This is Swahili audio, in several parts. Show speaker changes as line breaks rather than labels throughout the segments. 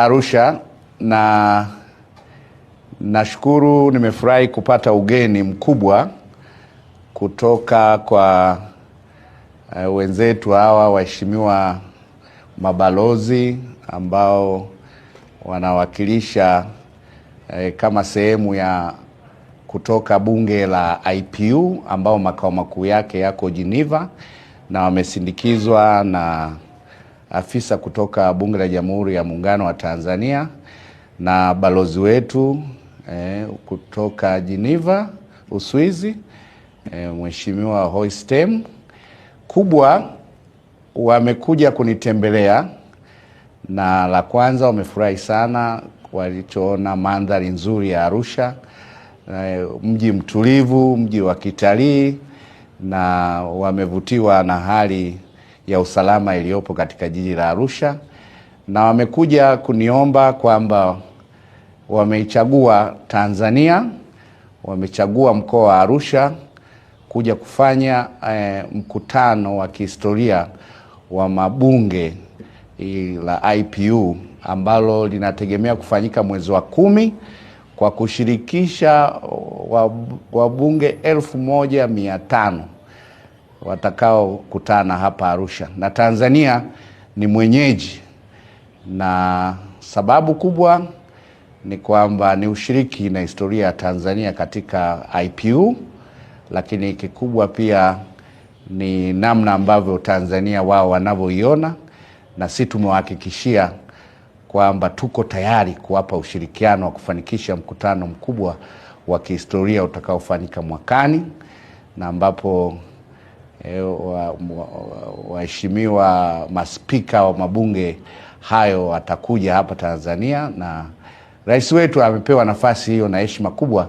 Arusha na nashukuru, nimefurahi kupata ugeni mkubwa kutoka kwa uh, wenzetu hawa waheshimiwa mabalozi ambao wanawakilisha uh, kama sehemu ya kutoka bunge la IPU ambao makao makuu yake yako Geneva na wamesindikizwa na afisa kutoka Bunge la Jamhuri ya Muungano wa Tanzania na balozi wetu eh, kutoka Geneva Uswizi, eh, Mheshimiwa Hoistem kubwa wamekuja kunitembelea na la kwanza, wamefurahi sana walichoona mandhari nzuri ya Arusha, eh, mji mtulivu, mji wa kitalii, na wamevutiwa na hali ya usalama iliyopo katika jiji la Arusha, na wamekuja kuniomba kwamba wameichagua Tanzania, wamechagua mkoa wa Arusha kuja kufanya eh, mkutano wa kihistoria wa mabunge la IPU ambalo linategemea kufanyika mwezi wa kumi kwa kushirikisha wabunge elfu moja mia tano watakaokutana hapa Arusha, na Tanzania ni mwenyeji, na sababu kubwa ni kwamba ni ushiriki na historia ya Tanzania katika IPU, lakini kikubwa pia ni namna ambavyo Tanzania wao wanavyoiona, na si tumewahakikishia kwamba tuko tayari kuwapa ushirikiano wa kufanikisha mkutano mkubwa wa kihistoria utakaofanyika mwakani na ambapo waheshimiwa eh, wa, wa maspika wa mabunge hayo watakuja hapa Tanzania, na rais wetu amepewa nafasi hiyo na heshima kubwa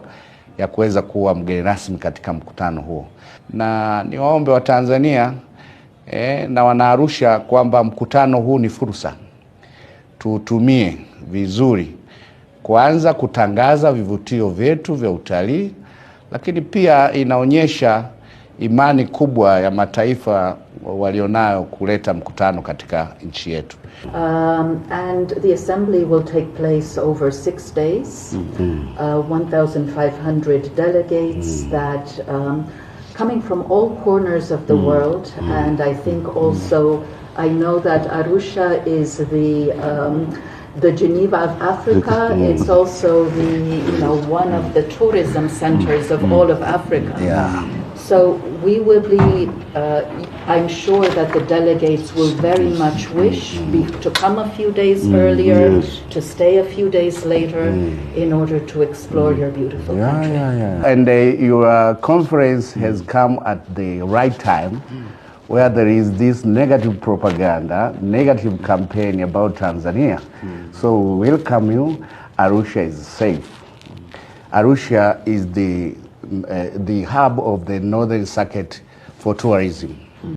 ya kuweza kuwa mgeni rasmi katika mkutano huo, na niwaombe Watanzania eh, na Wanaarusha kwamba mkutano huu ni fursa, tuutumie vizuri kuanza kutangaza vivutio vyetu vya utalii, lakini pia inaonyesha imani kubwa ya mataifa walionayo kuleta mkutano katika nchi yetu.
Um, and the assembly will take place over six days. Mm -hmm. uh, 1500 delegates mm -hmm. that um, coming from all corners of the mm -hmm. world mm-hmm. and I think mm-hmm. also I know that Arusha is the um, the Geneva of Africa. Mm-hmm. It's also the you know one of the tourism centers of all of Africa. Yeah. So we will be, uh, I'm sure that the delegates will very much wish be, to come a few days mm, earlier, yes. to stay a few days later mm. in order to explore mm. your beautiful yeah, country. Yeah, yeah.
And uh, your uh, conference has come at the right time where there is this negative propaganda, negative campaign about Tanzania. Mm. So welcome you. Arusha is safe. Arusha is the uh, the hub of the Northern Circuit for tourism.